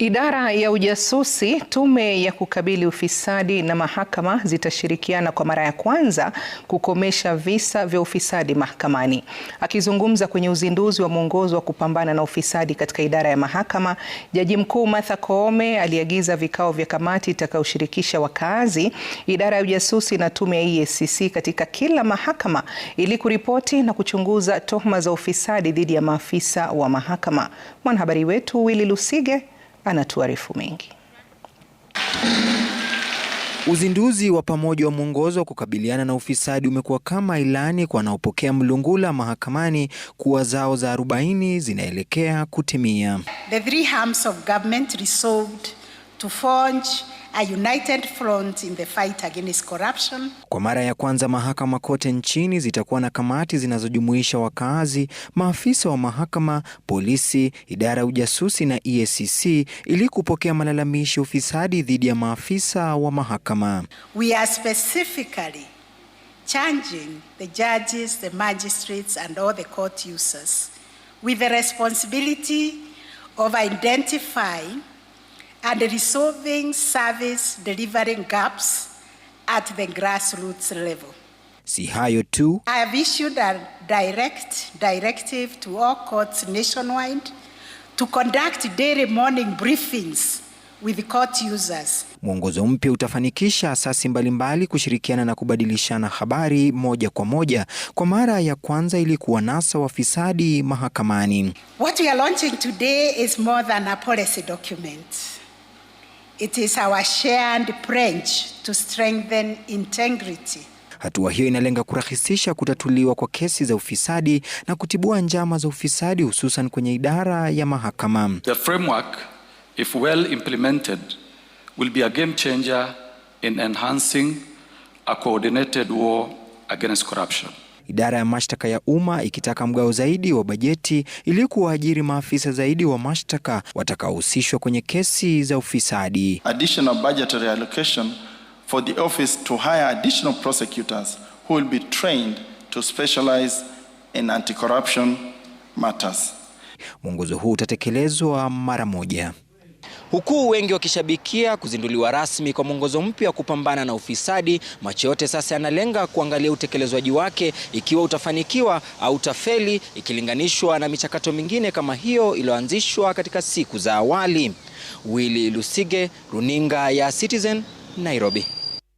Idara ya ujasusi, tume ya kukabili ufisadi na mahakama zitashirikiana kwa mara ya kwanza kukomesha visa vya ufisadi mahakamani. Akizungumza kwenye uzinduzi wa mwongozo wa kupambana na ufisadi katika idara ya mahakama, Jaji Mkuu Martha Koome aliagiza vikao vya kamati itakayoshirikisha wakazi, idara ya ujasusi na tume ya EACC katika kila mahakama ili kuripoti na kuchunguza tuhuma za ufisadi dhidi ya maafisa wa mahakama. Mwanahabari wetu Willy Lusige anatuarifu mengi. Uzinduzi wa pamoja wa mwongozo wa kukabiliana na ufisadi umekuwa kama ilani kwa wanaopokea mlungula mahakamani kuwa zao za 40 zinaelekea kutimia. The three arms of government resolved to forge A united front in the fight against corruption. Kwa mara ya kwanza mahakama kote nchini zitakuwa na kamati zinazojumuisha wakazi, maafisa wa mahakama, polisi, idara ya ujasusi na EACC ili kupokea malalamishi ya ufisadi dhidi ya maafisa wa mahakama. We are specifically charging the judges, the magistrates and all the court users with the responsibility of identifying and resolving service delivery gaps at the grassroots level. Si hayo tu. I have issued a direct directive to all courts nationwide to conduct daily morning briefings with the court users. Mwongozo mpya utafanikisha asasi mbalimbali kushirikiana na kubadilishana habari moja kwa moja kwa mara ya kwanza ili kuwanasa wafisadi mahakamani. What we are launching today is more than a policy document. It is our shared pledge to strengthen integrity. Hatua hiyo inalenga kurahisisha kutatuliwa kwa kesi za ufisadi na kutibua njama za ufisadi hususan kwenye idara ya mahakama. The framework, if well implemented, will be a game changer in enhancing a coordinated war against corruption idara ya mashtaka ya umma ikitaka mgao zaidi wa bajeti ili kuwaajiri maafisa zaidi wa mashtaka watakaohusishwa kwenye kesi za ufisadi. Additional budgetary allocation for the office to hire additional prosecutors who will be trained to specialize in anti-corruption matters. Mwongozo huu utatekelezwa mara moja. Huku wengi wakishabikia kuzinduliwa rasmi kwa mwongozo mpya wa kupambana na ufisadi, macho yote sasa yanalenga kuangalia utekelezwaji wake, ikiwa utafanikiwa au utafeli, ikilinganishwa na michakato mingine kama hiyo iliyoanzishwa katika siku za awali. Willy Lusige, runinga ya Citizen, Nairobi.